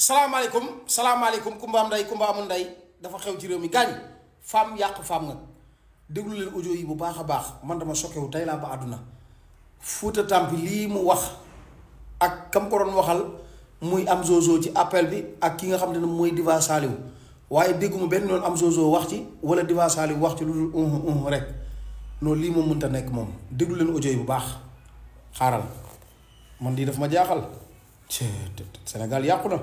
salam salam salaamaaleykum kumba am nday kumba am nday dafa xew ci rew mi gañ fam yàq fam nga deglu len audio yi bu baakha a baax man dama choqué tay la ba aduna Fouta Tampi li mu wax ak kam ko don waxal muy am zozo ci appel bi ak ki nga xam ne mooy Diva Saliou waye deguma ben non am zozo wax ci wala Diva Saliou wax ci lul dul un un rek noonu li mo munta nek mom deglu len audio yi bu baax xaaral man di daf ma jaxal Sénégal yàqu na.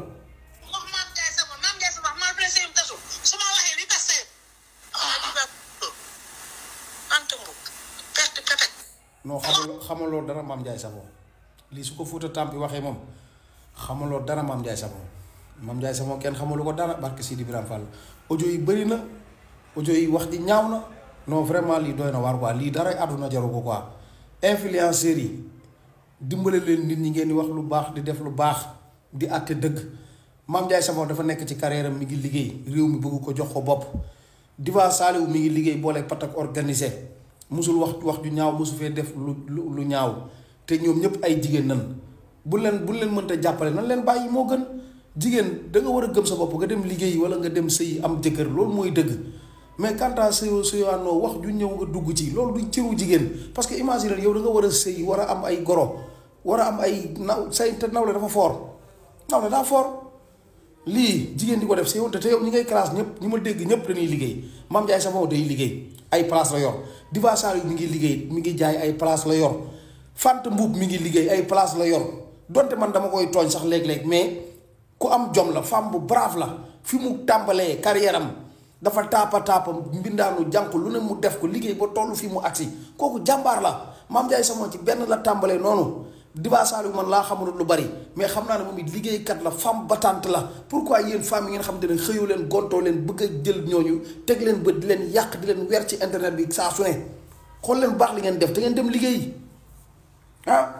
noo perte pépét. xamuloo xamuloo dara maam Ndiaye Savon lii su ko Fouta Tampi waxee moom xamuloo dara maam Ndiaye Savon maam Ndiaye Savon kenn xamuloo ko dara barke Sidi Birame Fall audio yi bëri na audio yi wax ji ñaaw na noo vraiment lii doy na waar quoi lii dara àdduna jaru ko quoi influenceurs yi dimbale leen nit ñi ngeen di wax lu baax di def lu baax di àtte dëgg. Mame Ndiaye Savon dafa nekk ci carrière mi ngi liggéey réew mi bëgg ko jox ko bopp Diva Saliou mi ngi liggéey boole patak organisé mosul wax wax ju ñaaw musu fee def lu lu ñaaw te ñoom ñëpp ay jigéen nan bu leen bu leen mënta jàppale nan leen bàyyi moo gën jigéen danga nga war a gëm sa bopp nga dem liggéey wala nga dem sëyi am jëkkër loolu mooy dëgg mais quant à sëyo sëyoanoo wax ju ñëw nga dugg ci loolu du cëru jigéen parce que imagine yow da nga war a sëyi war a am ay goro war a am ay naw say te nawle dafa foor nawle daa foor lii jigéen di ko def si yow te te yow ñi ngay classe ñëpp ñu ma dégg ñëpp dañuy liggéey Mame Ndiaye Savon day liggéey ay place la yor Diva Sall mi ngi liggéey mu ngi jaay ay place la yoon fant mbub mi ngi liggéey ay place la yoon donte man dama koy tooñ sax léeg-léeg mais ku am jom la femme bu brave la fi mu tàmbalee carrière dafa taapa taapa mbindaanu jànq lu ne mu def ko liggéey ba toll fii mu agsi kooku jàmbaar la Mame Ndiaye Savon ci benn la tàmbalee noonu Diba Saliou man laa xamul lu bari mais xam naa ne moom it liggéeykat la femme battante la pourquoi yéen femmes yi ngeen xam te ne xëyoo leen gontoo leen bëgg a jël ñooñu teg leen bët di leen yàq di leen weer ci internet bi saa su ne xool leen baax li ngeen def te ngeen dem liggéey ah.